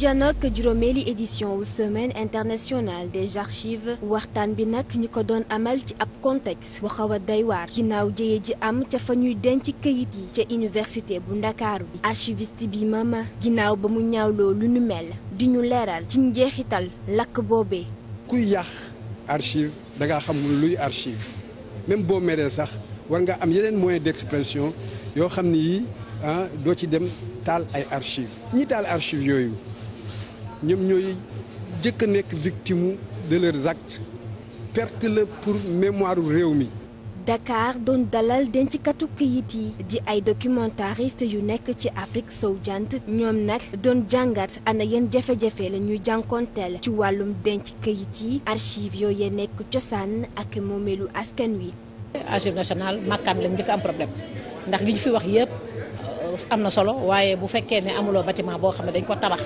janook juróomeeli édition wu semaine internationale des archives waxtaan bi nag ñi ko doon amal ci ab contexte bu xaw a doy waar ginnaaw jëye ji am ca fa ñuy denc këyit yi ca université bu ndakaaru bi archiviste bi mama ginnaaw ba mu ñaawloo lu nu mel di ñu leeral ci njeexital lakk boobee kuy yàq archive danga xamul luy archive même boo meree sax war nga am yeneen moyen d'expression yoo xam ni ah doo ci dem taal ay archive ñi taal archive yooyu ñoom ñooy jëkk a nekk victime de leurs actes perte la pour mémoire réew mi. dakaar doon dalal denckatu këyit yi di ay documentariste yu nekk ci Afrique sow jant ñoom nag doon jàngat ana yan jafe-jafe la ñuy jànkonteel ci wàllum denc këyit yi archive yooyu nekk cosaan ak moomeelu askan wi. archive national makkaam lañ jëkk am problème ndax li ñu fi wax yëpp euh, am na solo waaye bu fekkee ne amuloo bâtiment boo xam ne dañ ko tabax.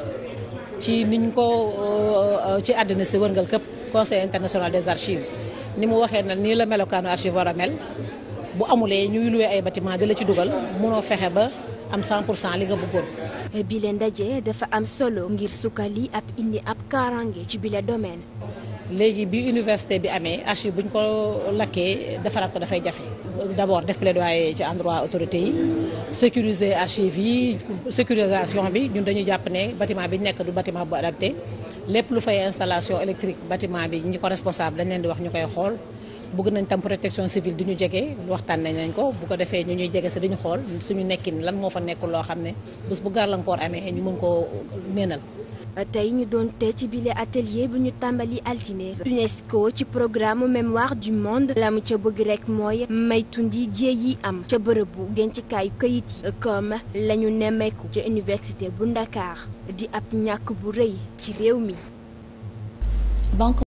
ci niñ ko euh, euh, ci àddina si wërngal këpp conseil international des archives ni mu waxee na nii la melokaanu archive war a mel bu amulee ñuy luwee ay bâtiment di la ci dugal munoo fexe ba am 100 pour cent li nga buggoon bëggoon. bile ndaje dafa am solo ngir sukkali ab indi ab kaaraange ci bile domaine. léegi bi université bi amee archive bu ñu ko lakkee defaraat ko dafay jafe d'abord def plaidoyer ci endroit autorité yi sécuriser archive sécurisation bi ñun dañu jàpp ne bâtiment bi nekk du batiment bu adapté lépp lu fay installation électrique batiment bi ñi ko responsable dañ leen di wax ñu koy xool bëgg nañ tam protection civile di ñu jege waxtaan nañ nañ ko bu ko defee ñu ñuy jege si dañu xool suñu nekkin lan moo fa nekkul loo xam ne bés bu gàllankoor amee ñu mën koo neenal tey ñu doon te ci bile atelier bu ñu tàmbali altine UNESCO ci programme mémoire du monde la mu ca bëgg rek mooy maytundi jéey yi am ca bërëbu dencikaayu këyit yi comme la ñu nemmeeku ca université bu Ndakaar di ab ñakk bu rëy ci réew mi